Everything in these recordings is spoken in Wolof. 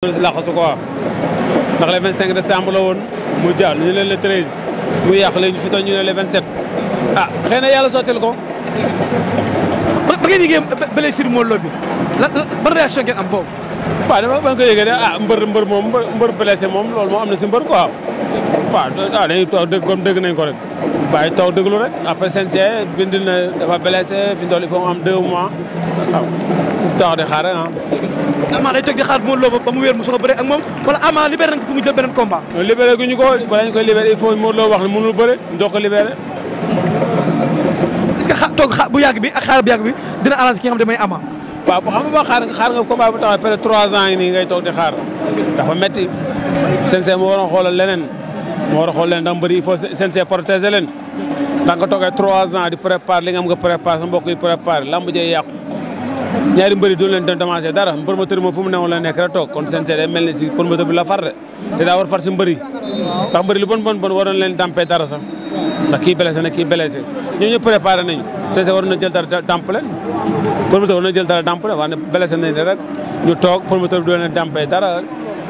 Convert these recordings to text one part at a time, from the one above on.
loolu si laqasu quoi ndax le 25 décembre la woon mu jaar ñu leen le 13 mu yàq léegi ñu fi toog ñu ne le 27 ah xëy na yàlla sottil ko. ba ba ngeen yëgee blessure Modou Lo bi ban réaction ngeen am boobu. waaw dama ba nga ko yëgee de ah mbër mbër moom mbër blessé moom loolu moo am na si mbër quoi. waaw waaw dañuy toog dëgg comme dëgg nañ ko rek bàyyi toog dëgglu rek après CNG bindil na dafa blessé fi mu toll am deux ah. ba mu wér a bëre ak moom wala Ama libéré nañ ko pour mu jël beneen combat. libéré gu ñu ko bala ñu koy libéré il faut Modou Lo wax ne mënul bëre ndox ko libéré. est que xa toog bu yàgg bi ak xaar bu yàgg bi dina arrangé ki nga xam ne mooy Ama. waaw xam nga ba xaar nga combat bu taxaw peut trois ans yi nii ngay toog di xaar dafa métti CNG mu waroon xoolal leneen moo war a xool leen ndax mbëri il faut seen see protéger leen ndax nga toogee trois ans di préparer li nga am nga préparer sa mbokk yi préparer lamb jee yàqu ñaari mbëri doon leen doon demancé dara promoteur moom mu newoon la nekk rek toog kon seen see day mel ni si promoteur bi la far de te daa war far si mbëri ndax mbëri lu bon bon bon waroon leen dampee dara sax ndax kii blessé na kii blessé ñoom ñu préparé nañu seen see waroon na jël damp leen promoteur waroon na jël damp leen waaye blessé nañ rek ñu toog promoteur bi doon leen dampee dara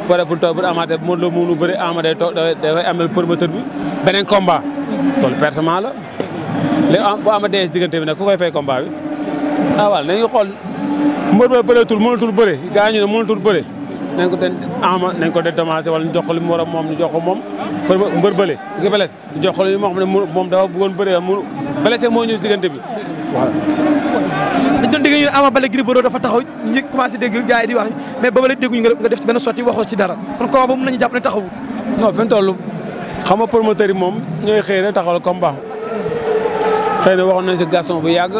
pare pour taw bi amaatee Modou Lo mënu bëri ama day toog dafay amal promoteur bi beneen combat loolu pertement la am bu ama dees diggante bi nag ku koy fay combat bi ah waaw nañu xool mbër ba bëreetul mënatul bëre gars ñu ne mënatul bëre nañ ko den ama ko dédommagé wala ñu jox ko li mu war a moom ñu jox ko moom mbër bële beles ñu jox ko li moo moom dafa bëggoon bëre mu belese moo ñëw dañ doon dégg ñu ne Ama Baldé Gris Bordeaux dafa taxaw ñu commencé dégg gars yi di wax mais ba ba léegi dégguñu nga def ci benn sotti waxoo ci dara kon combat ba mën nañu jàpp ne taxaw non fi mu toll xam nga promoteur yi moom ñooy xëy na taxawal combat xëy na waxoon nañ si Gaston bu yàgg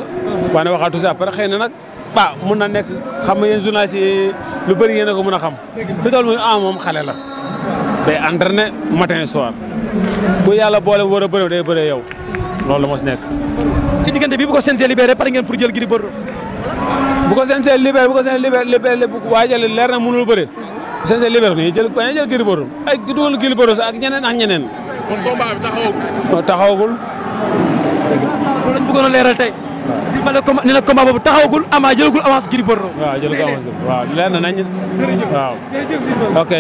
waaye ne waxaatu si après xëy na nag ah mun na nekk xam nga yéen journaliste lu bëri yéen a ko mun a xam fi toll muy Ama moom xale la day entraîné matin soir bu yàlla boole war a bëri day bëree yow loolu la moo si nekk. ci diggante bi bu ko CNG libéré pare ngeen pour jël Gris Bordeaux. bu ko CNG libéré bu ko CNG libéré waaye jël leer na mënul bëre. bu CNG libéré nii jël bañ a jël Gris Bordeaux ay dugal Gris Bordeaux ak ñeneen ak ñeneen. kon combat bi taxawagul. taxawagul. dëgg la loolu lañ bëggoon a leeral tey. si bale combat nee na combat boobu taxawagul ama jëlagul avance Gris Bordeaux. waaw jëlagul avance Gris Bordeaux waaw leer na nañ. waaw. ok.